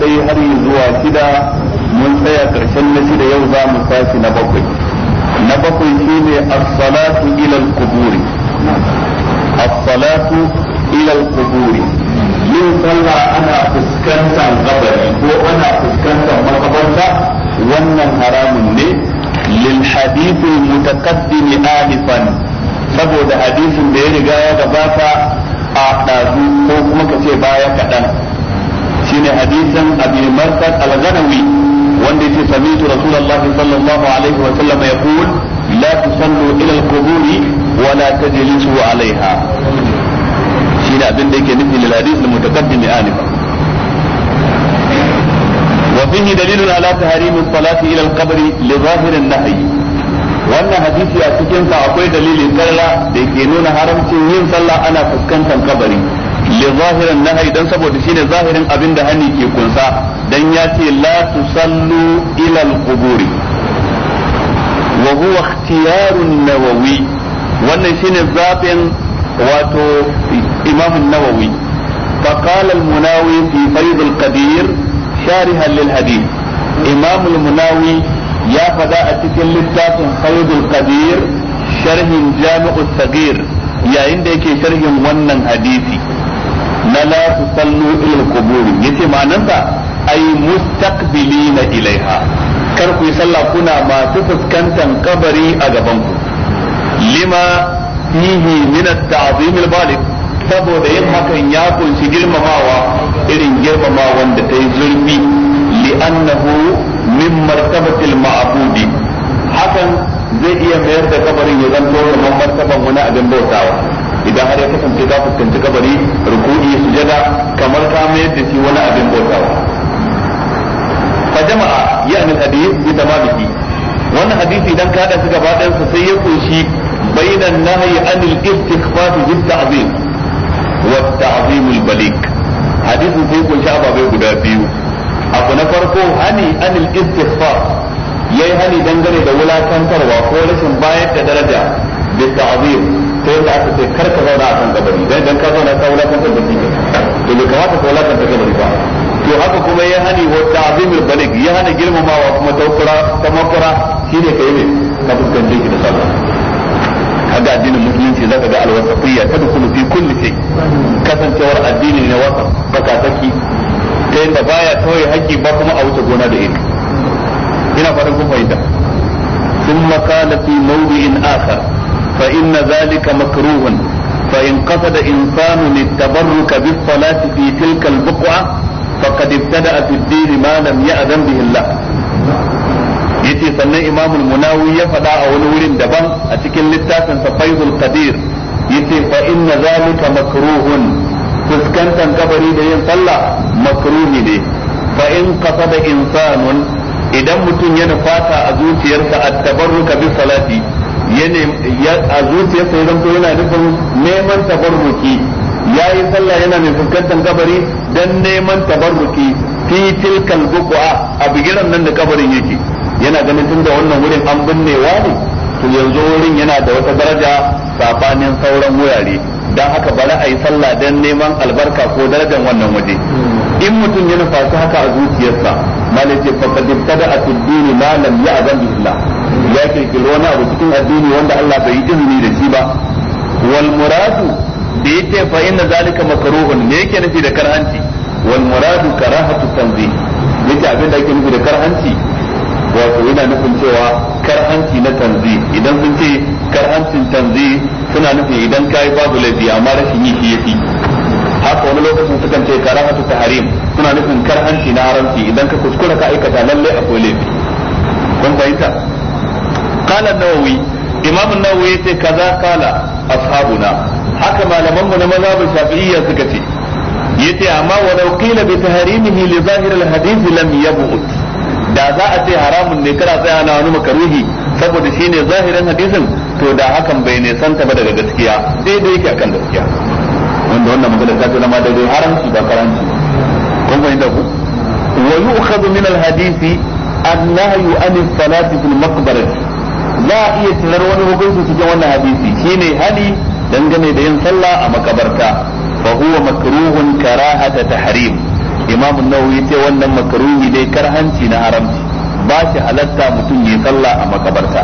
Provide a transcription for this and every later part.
ɗai har yi zuwa shida mun tsaya karshen na shida yau za mu tashi na bakwai na bakwai shine as-salatu ila al-quburi yin sallah ana fuskantar kabari ko ana fuskantar makabarta wannan haramun ne lil hadith al alifan saboda hadisin da ya riga ya gabata a ɗazu ko kuma ka ce baya kaɗan shine hadisin abi marsad al-ghanawi wanda yake sami'tu rasulullahi sallallahu alaihi wa sallam yaqul la tusallu ila al-qubur wa la tajlisu alaiha shine abin da yake وفيه دليل على تحريم الصلاة إلى القبر لظاهر النهي wannan hadisi a cikinsa akwai dalilin karra da ke nuna haramcin yin sallah ana fuskantar kabari li zahirin nahyi dan saboda shine zahirin abin da hani ke kunsa dan ya ce la tusallu ila al-quburi wa huwa ikhtiyarun nawawi wannan shine zabin wato imam an-nawawi فقال المناوي في فيض القدير شارحا للحديث إمام المناوي يا فداء تكل فيض القدير شرح جامع الصغير يا عندك شرح ونن حديثي na la tusallu ila al-qubur yace ma'anarsa ay mustaqbilina ilaiha kar ku yi sallah kuna masu fuskantan kabari a gaban ku lima fihi min at-ta'zim al-baligh saboda yin hakan ya kunshi girmamawa irin girmama wanda ta yi zurfi li'annahu min martabatil ma'budi hakan zai iya mayar da kabarin ya zanto kamar martaban wani abin bautawa idan har ya kasance ka fuskanci kabari ruku'i sujada kamar ka mayar da shi wani abin bautawa fa jama'a ya'ni hadith bi tamamihi wannan hadisi idan ka hada su gaba ɗayan sa sai ya kunshi bainan nahyi anil istighfar bi ta'zim wa ta'zim al balik hadisin sai kunshi ababai guda biyu abu na farko hani anil istighfar yayi hani dangane da wulakantarwa ko rashin bayar da daraja bi ta'zim sai da aka ce kar ka zauna a kan kabari dan dan ka zauna ka wala kan da shi to bai kamata ka wala kan da kabari ba to haka kuma ya hani wa ta'zimul balig ya hana girmamawa kuma taukura ta makura shine kai ne ka fuskanci shi da sallah kaga addinin musulunci zaka ga alwasafiyya ta dukulu fi kulli shay kasancewar addini ne wasa baka saki ta yadda baya tauye haƙƙi ba kuma a wuce gona da iri ina fatan kun fahimta ثم قال في موضع آخر فإن ذلك مكروه فإن قصد إنسان التبرك بالصلاة في تلك البقعة فقد ابتدأ في الدين ما لم يأذن به الله yace sannan imamul munawi ya faɗa a wani wurin daban a cikin littafinsa sa faizul qadir yace fa inna zalika makruhun fuskantan kabari da yin sallah makruhi ne fa in qasada insanun idan mutum ya nufata a zuciyarsa at-tabarruka bi salati a zuciyarsa ya zanto yana nufin neman tabarruki ya yi sallah yana mai fuskantar kabari dan neman tabarruki fi tilkal buqa a bigiran nan da kabarin yake yana ganin tunda wannan wurin an binnewa ne to yanzu wurin yana da wata daraja sabanin sauran wurare dan haka bari a yi sallah dan neman albarka ko darajar wannan waje in mutum ya fasu haka a zuciyarsa malaje faqad ibtada at-din ma lam ya'zam billah ya kirkiri wani abu cikin addini wanda Allah bai yi izini da shi ba wal muradu da yake fa inna zalika makruhun me yake nufi da karhanci wal muradu karahatu tanzih yake abin da yake nufi da karhanci wato yana nufin cewa karhanci na tanzi idan sun ce karhancin tanzi suna nufin idan kai babu laifi amma rashin yi shi yafi haka wani lokacin sukan ce karahatu tahrim suna nufin karhanci na haramci idan ka kuskura ka aikata lalle akwai laifi kun fahimta قال النووي إمام النووي كذا قال أصحابنا haka malamanmu na mazhabin shafi'iyya suka ce yace amma walau qila bi taharimihi li zahir al hadith lam yab'ud da za a ce haramun ne kana tsaya na wani makaruhi saboda shine zahirin hadisin to da hakan bai ne santa ba daga gaskiya daidai yake akan gaskiya wanda wannan magana ta zama daidai haramci ba karanci kun fahimta ku wa yu'khadhu min al hadisi an-nahyu an as-salati fil maqbarati za a iya tirar wani hukunci cikin wannan hadisi shine hali dangane da yin sallah a makabarta fa huwa makruhun karahata tahrim imam an-nawawi ce wannan makruhi dai karhanci na haramci ba shi halatta mutum ya sallah a makabarta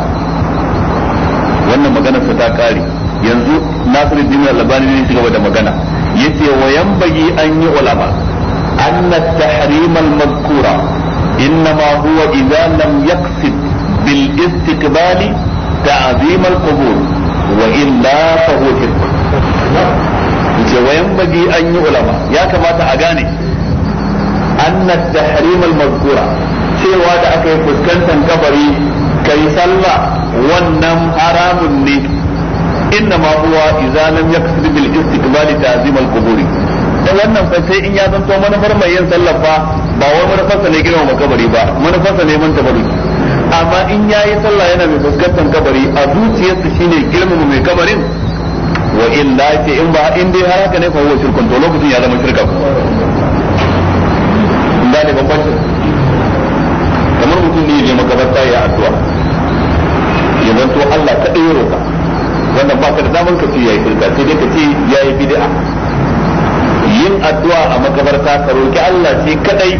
wannan maganar ta kare yanzu Nasiruddin Al-Albani ne shi gaba da magana yace wa yanbaghi an yi ulama anna at-tahrim al-madhkura إنما huwa إذا لم يقصد بالاستقبال تعظيم القبور وإلا فهو شرك وينبغي أن يعلم يا كما تأغاني أن التحريم المذكورة cewa da aka yi fuskantar kabari kai sallah wannan haramun ne inna ma huwa idza lam yaqsid bil istiqbal ta'zim al da wannan fa in ya zanto manufar mai yin sallafa fa ba wai manufarsa ne girma makabari ba manufarsa ne mun tabarruki amma in yi sallah yana mai fuskantar kabari a zuciyarsa girma girmama mai kabarin wa da ce in ba in dai har haka ne fa huwa shirkun to lokacin ya zama shirka da ne bambancin kamar mutum ne je makabarta ya addu'a ya zanto Allah kadai ya roka wannan ba ka da daman ka ce yayi shirka sai dai ka ce yayi bid'a yin addu'a a makabarta ka roki Allah shi kadai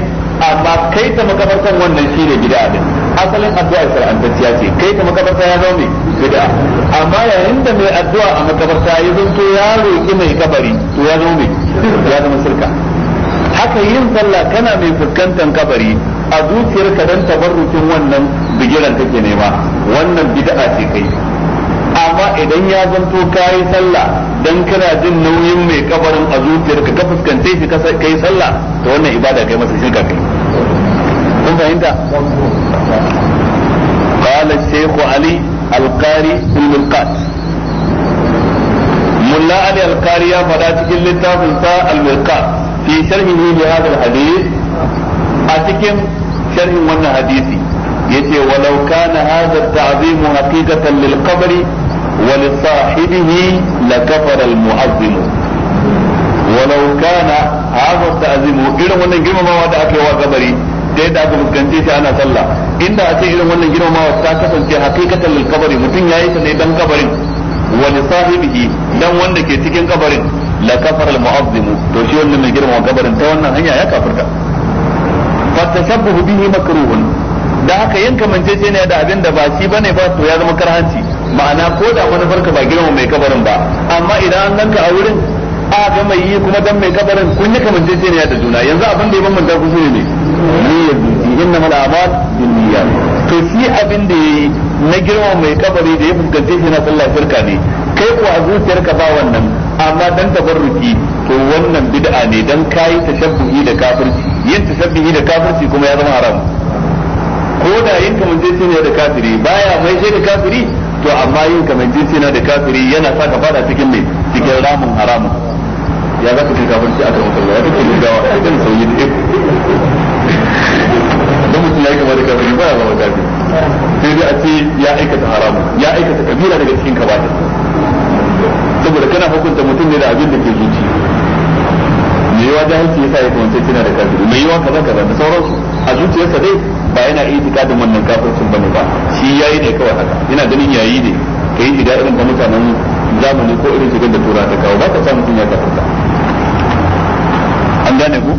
amma kai ta makabartan wannan ne bid'a din asalin addu'a shar'antacciya ce kai ta ya zo mai bid'a amma yayin da mai addu'a a makabarta ya zanto ya roki mai kabari to ya zo mai ya zama shirka haka yin sallah kana mai fuskantar kabari a zuciyarka dan tabarrukin wannan bigiran kake nema wannan bid'a ce kai amma idan ya zanto kayi sallah dan kana jin nauyin mai kabarin a zuciyarka ka fuskante shi kai sallah to wannan ibada kai masa shirka kai fahimta قال الشيخ علي القاري في الملقات ملا علي القاري فدا cikin littafin sa al-milqat fi sharhihi li a cikin sharhin wannan hadisi yace walau kana hadha at-ta'zim haqiqatan lil qabr wa li sahibihi la kafara al irin wannan girmamawa da aka yi wa kabari da yadda aka fuskanci shi ana sallah inda a ce irin wannan girmamawa ta kasance hakikatan lil kabari mutum yayi ta ne dan kabarin wa li sahibihi dan wanda ke cikin kabarin la kafara al mu'azzim to shi wannan mai girmama kabarin ta wannan hanya ya kafirta fa tashabbuhu bihi makruhun da haka yanka mance ce ne da abin da ba shi bane ba to ya zama karhanci ma'ana ko da wani farka ba girmama mai kabarin ba amma idan an ganka a wurin a ga mai yi kuma dan mai kabarin kun yi kamance ne da juna yanzu abin da ya bambanta ku shine ne niyyati innamal a'mal to shi abin da yayi na girma mai kabari da ya fuskance shi na sallah shirka ne kai ko a ka ba wannan amma dan tabarruki to wannan bid'a ne dan kai tashabbuhi da kafirci yin tashabbuhi da kafirci kuma ya zama haram ko da yin ne da kafiri baya mai shi da kafiri to amma yin ne da kafiri yana sa ka fada cikin mai cikin ramin haramun ya za ka ce kafirci kan mutum ya kake gaggawa a kan sauyi da mutum ya da kafiri ba ya zama kafiri sai dai a ce ya aikata haramun ya aikata kabira daga cikin kabata saboda kana hukunta mutum ne da abin da ke zuci me yawa jahilci yasa ya kamata tana da kafiri me yawa kaza kaza da sauransu a zuciyarsa dai ba yana itikadin wannan kafircin bane ba shi yayi ne kawai haka yana ganin yayi ne kai shiga irin mutanen zamani ko irin shigar da tura ta kawo ba ka sa mutum ya kafirta an gane ku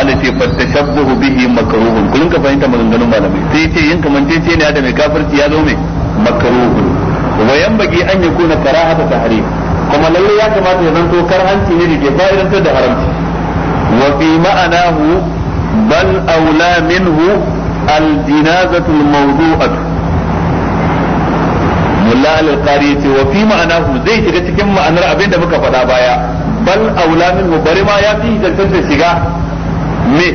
mala ce fa tashabbuhu bihi makruhun kun ka fahimta maganganun malamai sai ce yin kamantacce ne da mai kafirci ya zo mai makruhun wa yanbaghi an yakuna karahata tahrim kuma lalle ya kamata ya zanto karhanci ne da ke fa'idantar da haramci wa fi ma'anahu bal aula minhu al-jinazatu al-mawdu'atu mulla al-qari ce wa fi ma'anahu zai shiga cikin ma'anar abinda muka faɗa baya bal aula minhu bari ma ya fi tantance shiga me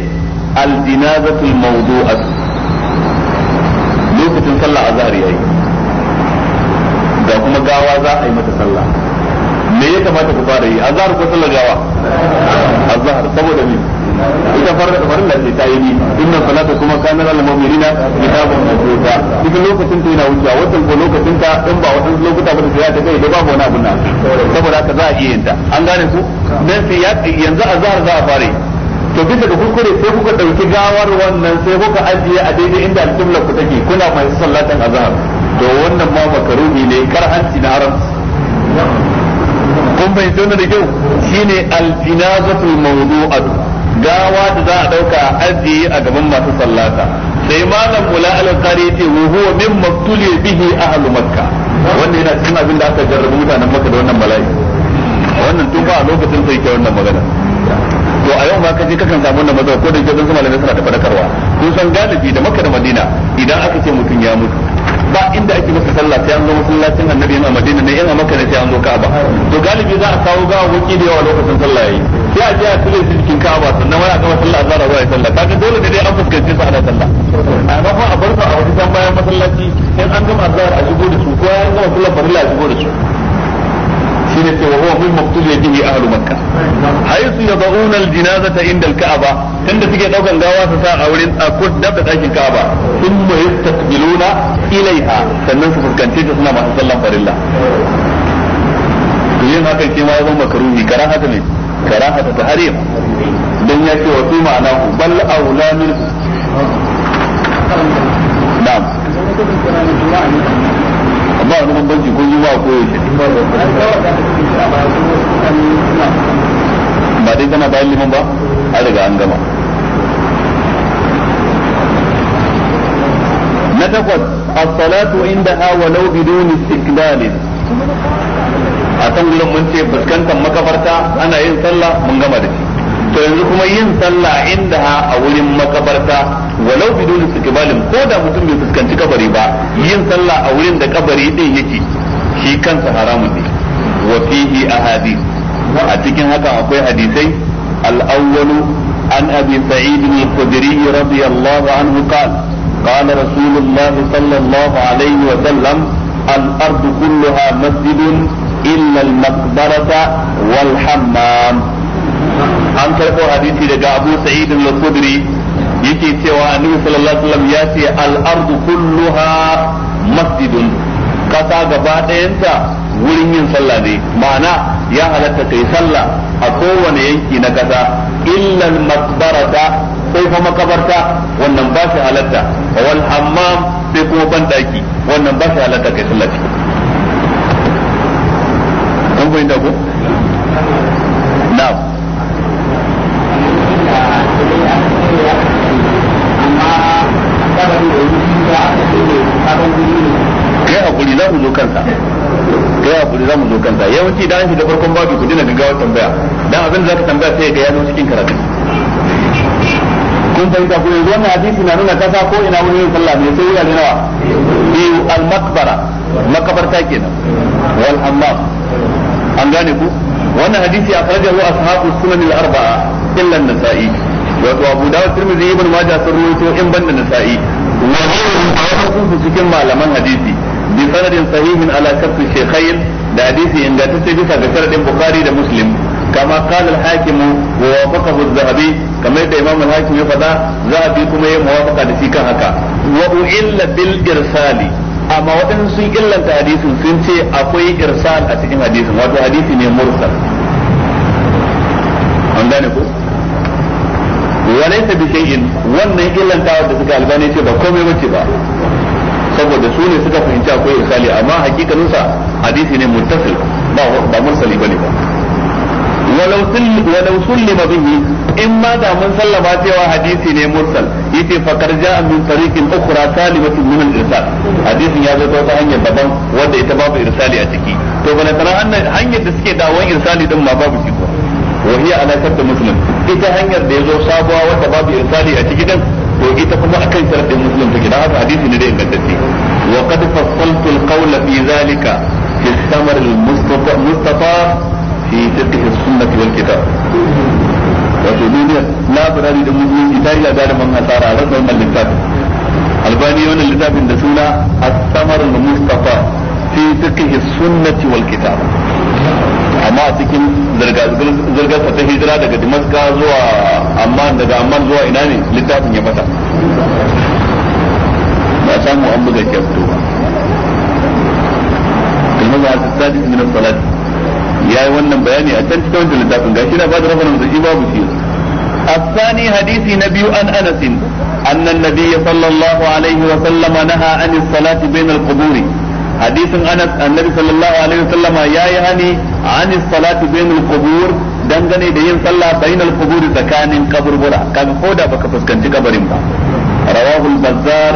aljinazatul mawdu'at lokacin sallah azhar yayi da kuma gawa za a yi mata sallah me ya kamata ku fara yi azhar ko sallah gawa azhar saboda me ita farka farilla ce ta yi ni inna salata kuma kana lal mu'minina kitabun mawdu'a cikin lokacin ta yana wucewa wannan ko lokacin ta in ba wannan lokuta ba da ta kai da babu wani abu na saboda haka za a yi yin an gane ku dan sai yanzu azhar za a fara to bisa da kuskure sai kuka ɗauki gawar wannan sai kuka ajiye a daidai inda alƙiblar ku take kuna mai sallatan azhar to wannan ma makaruhi ne karhanci na haram kun bai tona da kyau shine aljinazatul mawdu'atu gawa da za a dauka a ajiye a gaban masu sallata sai malam mula al-qari ce wa huwa min maktuli bihi ahlu makka wannan yana cikin abin da aka jarrabu mutanen makka da wannan bala'i wannan tun ba a lokacin sai ke wannan magana to a yau ma ka je kakan samu da matsala ko da ke sun malamai suna da fadakarwa kun san galibi da makka da madina idan aka ce mutum ya mutu ba inda ake masa sallah sai an zo masallacin annabi yana madina ne yana makka ne sai an zo ka'aba to galibi za a kawo ga wuki da yawa lokacin sallah yayi sai a je a tule shi cikin ka'aba sannan wani a gama sallah azhar zuwa ya sallah kaga dole ne dai an fuskanci su ana sallah amma fa a bar su a wajen bayan masallaci in an gama azhar a shigo da su ko an gama sallah farilla a shigo da su shine ce wa huwa min maqtul bihi ahlu makkah haythu yad'una al-janazata inda al-ka'aba tunda suke daukan gawa su sa a wurin a kudda da dakin ka'aba thumma yastaqbiluna ilaiha sannan su fuskance ta suna masu sallan farilla to yin hakan shi ma ya zama makaruhi karahata ne ta tahrim dan ya ce wa su ma'ana bal aula min na'am ba wani bambanci ko yi ba ko yaushe ba dai kana bayan liman ba an riga an gama na takwas asalatu salatu indaha walau bidun istiqlal a kan gurin mun ce fuskantar makafarta ana yin sallah mun gama da shi to yanzu kuma yin sallah ha a wurin makabarta walau bidun istiqbalin ko da mutum bai fuskanci kabari ba yin sallah a wurin da kabari din yake shi kansa haramun ne wa fihi ahadith a cikin haka akwai hadisai al-awwalu an abi sa'id al-khudri radiyallahu anhu qala قال رسول الله صلى الله عليه وسلم الأرض كلها مسجد إلا المقبرة والحمام an karɓo hadisi daga Abu Sa'id al-Khudri yake cewa Annabi sallallahu alaihi wasallam ya ce al-ardu kulluha masjidun kasa gaba ɗayanta wurin yin sallah ne ma'ana ya halatta kai sallah a kowane yanki na kasa illa al-maqbarata sai kuma makabarta wannan ba shi halatta wal hammam sai kuma bandaki wannan ba shi halatta kai sallah ciki kun fahimta ko na'am kai hakuri za mu zo kansa kai hakuri za mu zo kansa yawanci idan an shiga farkon babu ku dina gaggawar tambaya dan abin da zaka tambaya sai ga yazo cikin karatu kun fahimta ko yanzu wannan hadisi na nuna kasa ko ina wani yin sallah ne sai wurare nawa biyu al-makbara makabarta kenan wal hammam an gane ku wannan hadisi akhrajahu ashabu sunan al-arba'a illa an-nasa'i wato abu dawud tirmidhi ibn majah sun rawaito in banda nasa'i wa hadithun sun su cikin malaman hadisi bi sanadin sahihin ala kasu shaykhain da hadisi inda ta ce bisa ga sanadin bukhari da muslim kama qala hakimi hakim wa wafaqahu az-zahabi kamar yadda imam al hakim ya fada zahabi kuma ya muwafaqa da si kan haka wa illa bil irsali amma waɗansu sun illanta hadisin sun ce akwai irsal a cikin hadisin wato hadisi ne mursal wa laysa bi shay'in wannan illantawa da suka albani ce ba komai bace ba saboda su ne suka fahimci akwai isali amma hakikanin sa hadisi ne muttasil ba ba mursali bane ba walau walau sullima bihi in ma da mun sallama cewa hadisi ne mursal yace fa karja min tariqin ukhra salimatin min al-irsal hadisin ya zo ta hanyar daban wanda ita babu irsali a ciki to bana tana hanyar da suke dawon irsali din ma babu shi ba wa hiya ala kadda muslim ita hanyar da ya zo sabuwa wadda babu irsali a cikin dan to ita kuma akan sharadin muslim take da haka hadisi ne da ingantacce wa qad fassaltu al fi zalika fi samar al-mustafa mustafa fi fiqh as-sunnah wal kitab wato duniya labirari da musulunci ta yi man hasara ran wannan littafin albani wannan littafin da suna as-samar al-mustafa fi fiqh as-sunnah wal kitab amma a cikin zirga ta hijira daga Damascus zuwa Amman daga Amman zuwa ina ne littafin ya fata ba samu an buga shi fito ba kalmar ta wannan bayani a can cikin wannan littafin gashi na ba da rafanin da babu shi الثاني حديث نبي عن أنس أن النبي صلى الله عليه وسلم نهى عن الصلاة بين القبور hadisin anas annabi sallallahu alaihi wasallama yayi hani anis salatu bainal qubur dangane da yin sallah bainal qubur tsakanin kaburbura kaga ko da baka fuskanci kabarin ba rawahu al-bazzar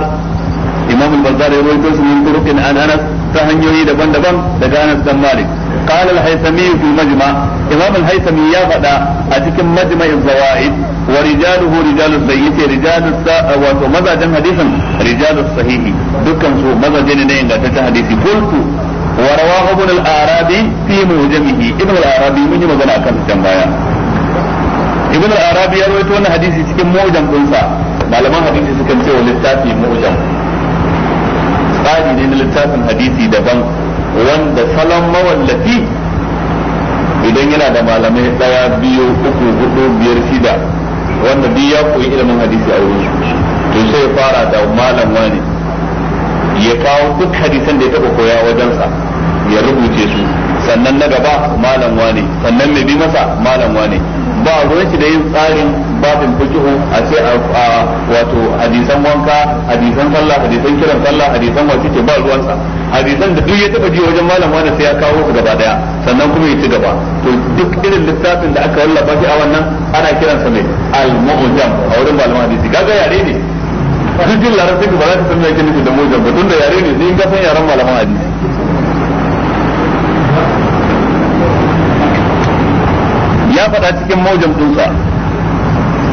imam al-bazzar ya rawaito shi min turuqin anas ta hanyoyi daban-daban daga anas dan malik قال الهيثمي في المجمع إمام الهيثمي يا فدا أتكم مجمع الزوائد ورجاله رجال الزيت رجال الساء ومزاجا حديثا رجال الصحيح دكان سو مزاجين نين دا حديثي قلت ورواه ابن الأعرابي في موجمه ابن الأعرابي من يمزن أكام الجنبايا ابن الأعرابي يرويت وانا حديثي سكم موجم قلسا malaman hadisi sukan ce wa littafi mu'jam tsari ne na littafin hadisi daban wanda salon mawallafi idan yana da malamai daya biyu uku hudu biyar shida wanda biyu ya koyi ilimin hadisi a wurin to sai ya fara da malam wani ya kawo duk hadisan da ya taba koya wajensa ya rubuce su sannan na gaba malam wane sannan mai bi masa malam wane ba ruwan shi da yin tsarin babin fikihu a ce a wato hadisan wanka hadisan sallah hadisan kiran sallah hadisan wasu ce ba ruwansa hadisan da duk ya taba ji wajen malam wani sai ya kawo su gaba daya sannan kuma ya ci gaba to duk irin littafin da aka wallafa shi a wannan ana kiransa mai al-mu'jam a wurin malaman hadisi gaga yare ne duk jin larabci ba za ta san me yake nufi da mu'jam ba tunda yare ne sai in ka san yaran malaman hadisi faɗa cikin maujam dinsa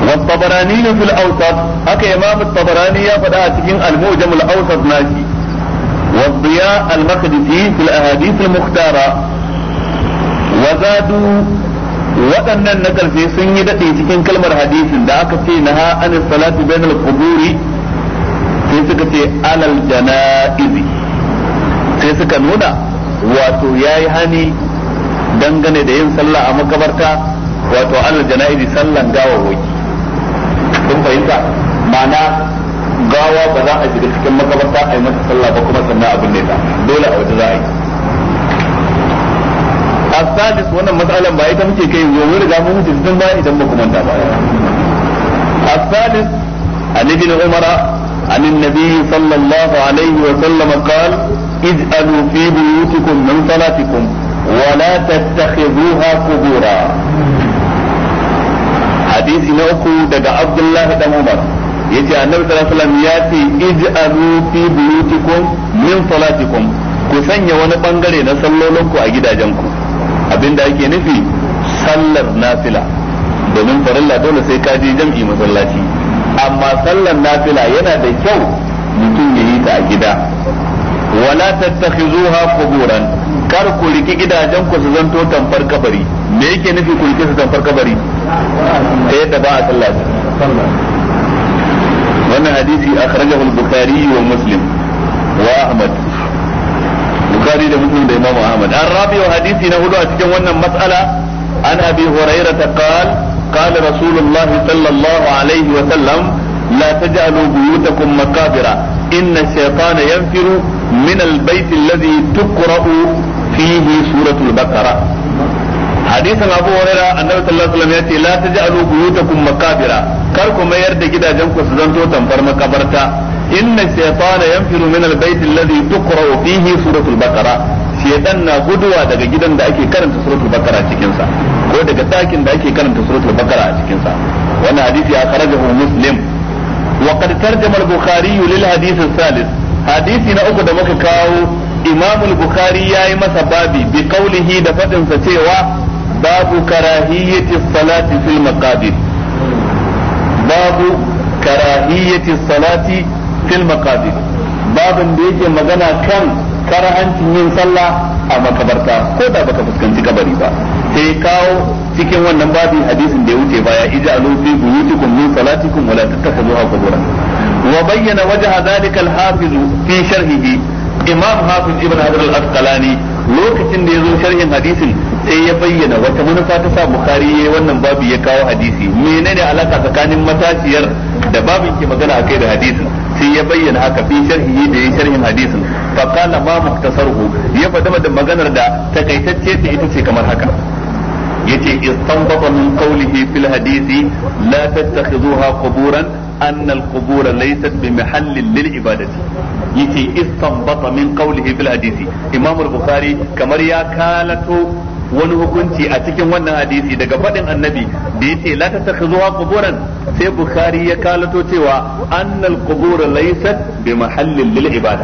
والطبراني في الأوسط هكا إمام الطبراني يفدع تكين الموجم الأوسط ناشي والضياء المقدسي في الأحاديث المختارة وزادوا waɗannan na ƙarfe sun yi daɗe cikin kalmar hadisin da aka ce na an salatu bain al-quburi sai suka ce alal janaizi sai suka nuna wato yayi hani dangane da yin sallah a makabarta wato alal jana'izi sallan gawawoki kun fahimta ma'ana gawa ba za a shiga cikin makabarta a yi masa sallah ba kuma sannan abin ne ta dole a wata za a yi asadis wannan matsalan ba ita muke kai wa wani riga mun tun ba idan ba kuma ta ba asadis an ibn umara an annabi sallallahu alaihi wa sallam qal ij'alu fi buyutikum min salatikum wa la tattakhiduha qubura hadisi na uku daga abdullahi dan umar yace annabi sallallahu alaihi wasallam ya ce ij'alu fi buyutikum min salatikum ku sanya wani bangare na sallolinku a gidajenku abinda ake nufi sallar nafila domin farilla dole sai ka je jam'i masallaci amma sallar nafila yana da kyau mutum ya yi ta a gida wala tattakhizuha quburan kar ku riki gidajen ku su zanto tamfar kabari me yake nufi ku riki su tamfar kabari ta yadda ba a sallah wannan hadisi akhrajahu al-bukhari wa muslim wa ahmad bukhari da muslim da ahmad an rabi wa hadisi na hudu a cikin wannan mas'ala an abi hurairah qala قال رسول الله صلى الله عليه لا تجعلوا بيوتكم مقابر إن الشيطان ينفر من البيت الذي تقرأ fihi suratul bakara hadisin abu huraira annabi sallallahu alaihi wasallam ya ce la taj'alu buyutakum maqabira kar ku mayar da gidajen ku su zanto tamfar makabarta inna shaytana yanfiru min albayt alladhi tuqra'u fihi suratul bakara shaytan na guduwa daga gidan da ake karanta suratul baqara cikin sa ko daga dakin da ake karanta suratul bakara a cikin sa hadisi ya karajahu muslim wa qad tarjama al-bukhari lil hadisi na uku da muka kawo imam bukhari ya yi masa babi bi kaulihi da faɗinsa cewa babu karahiyyati salati fil maqabir babu karahiyyati salati fil maqabir babin da yake magana kan karahancin yin sallah a makabarta ko da baka fuskanci kabari ba sai kawo cikin wannan babin hadisin da ya wuce baya ija'alu fi buyutikum min salatikum wa la tattakhudhuha quburan wa bayyana wajen dhalika hafizu fi sharhihi imam hafiz ibn hajar al-asqalani lokacin da ya zo sharhin hadisin sai ya bayyana wata manufa ta sa bukari ya wannan babu ya kawo hadisi menene alaka tsakanin matashiyar da babin ke magana akai da hadisin sai ya bayyana haka fi sharhi da ya sharhin hadisin fa qala ma muktasarhu ya fada da maganar da takaitacce ta ita ce kamar haka yace istanbata min qawlihi fil hadisi la tattakhiduha quburan أن القبور ليست بمحل للعبادة يتي استنبط من قوله في الحديث إمام البخاري كما يا كالته wani hukunci a cikin wannan hadisi daga faɗin annabi da yace la tatakhuzuha quburan sai bukhari ya kalato cewa annal qubur laysat bi mahallin lil ibada